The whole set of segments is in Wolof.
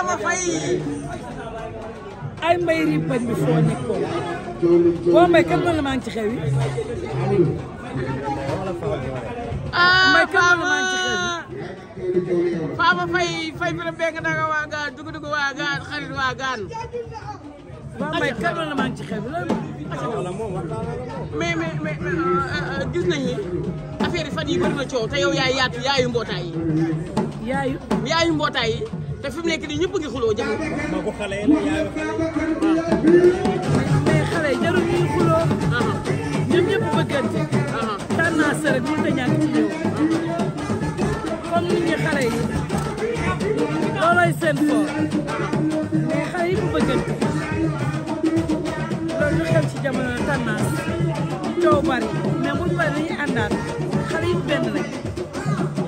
Adama Faye ay mbay ri bañ bi foo nekkoon boo may kan la maa ngi ci xew yi mbay kan la maa ngi ci xew yi Faama Faye Faye bi la beng danga waa gaan dugg waa gaan xarit waa gaan waaw mbay kan la maa ci xew yi mais mais mais euh, gis na ni affaire yi fan yi bëri na coow te yow yaay yaatu yaayu mbootaay yi yaayu mbootaay te fi mu nekk nii ñëpp ngi xuloo jamono. maa ko xale yi mais xale jarul ñuy xuloo. ñoom ñëpp bëggante. tendance rek mënut a ñàkk ci ñëw. comme nit ñi xale yi loolooy seen for mais xale yi bu bëggante loolu ñu xew ci jamono tendance coow bari mais bu ñu bari dañuy xale yi benn lañ.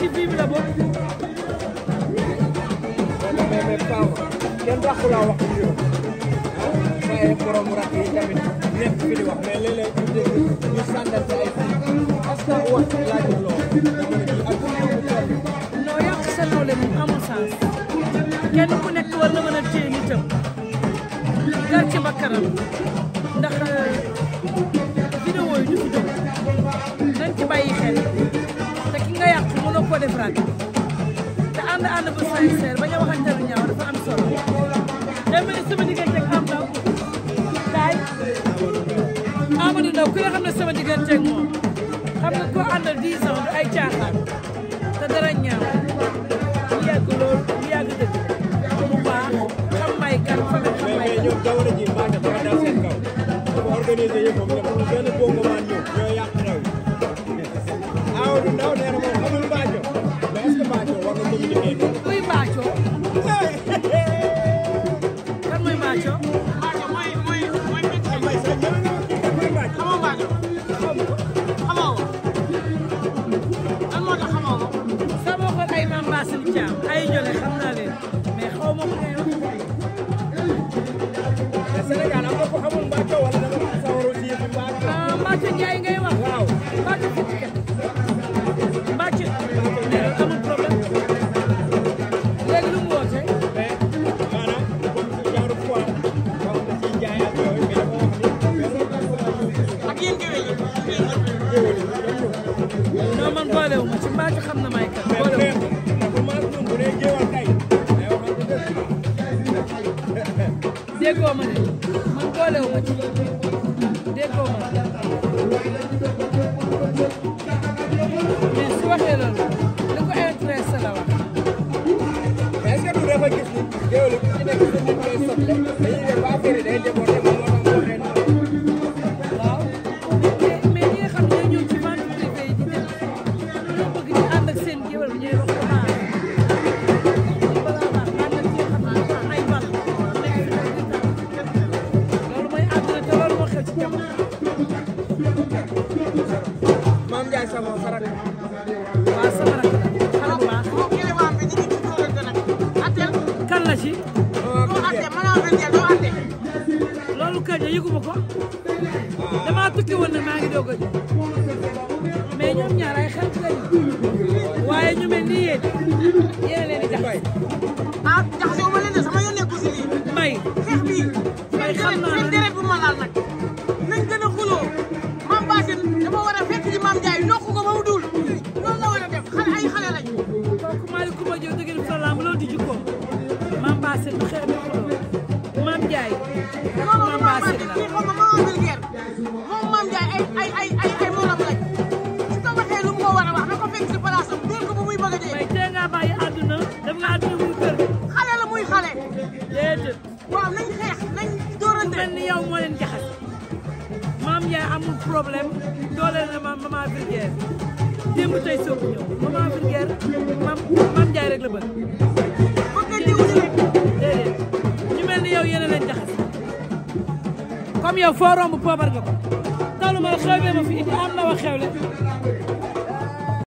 ci bii bi la bokk. kenn dàqu wax ci yow. waaye borom rakk yi fi di wax mais léeg-léeg ñu dégg ñu sàndal wax laaj lool. non yàq sa loole moom kenn ku nekk war na mën a téye nitam gar ci bakkanam ndax euh, vidéo yi du fi jóg nañ ci bàyyi xel. ko defaraat te ànd ànd bu sincère ba ñu waxante lu ñaaw dafa am solo day mel ni sama digganteeg am ndaw daay Amadou Ndaw ku nga xam ne sama digganteeg moom xam nga ko àndal 10 ans du ay caaxaan te dara ñaaw ñu yàgg lool ñu yàgg dëgg te bu baax xam may kan fa nga xam may kan jamono ji mbaa dafa dal seen kaw bu organisé yëpp moom benn bongo maa ci xam na may kat. déggoo ma de man boolewu ma ci déggoo ma mais su waxee loolu li ko intéressé la wax. est-ce que du dafa gis ni yow li ci nekk dañuy def affaire yi day moom Ndiaye sax moom faral waaw sama rakk xale ko dama tukki woon nag maa ngi doog a jóg mais ñoom ñaar waaye ñu mel ni ay ay ay ay morom lañ su ko waxee lu mu ko a wax na ko fekk si place am dóor muy bëgg a dee. mais tey ngaa bàyyi àdduna dem nga àdduna xale la muy xale. déedéet. waaw nañ xeex nañ dóorante. mel ni yow moo leen jaxase. maam yaay amul problème dooleel na ma maman Vulgaire démb tey soog ñëw maman Vulgaire maam maam Ndiaye rek la bëgg. bëgg a diw rek. déedéet ñu mel ni yow yéen a leen jaxase comme foo romb poobar nga ko. loolu mooy xewle ma fi indi am na wa xewle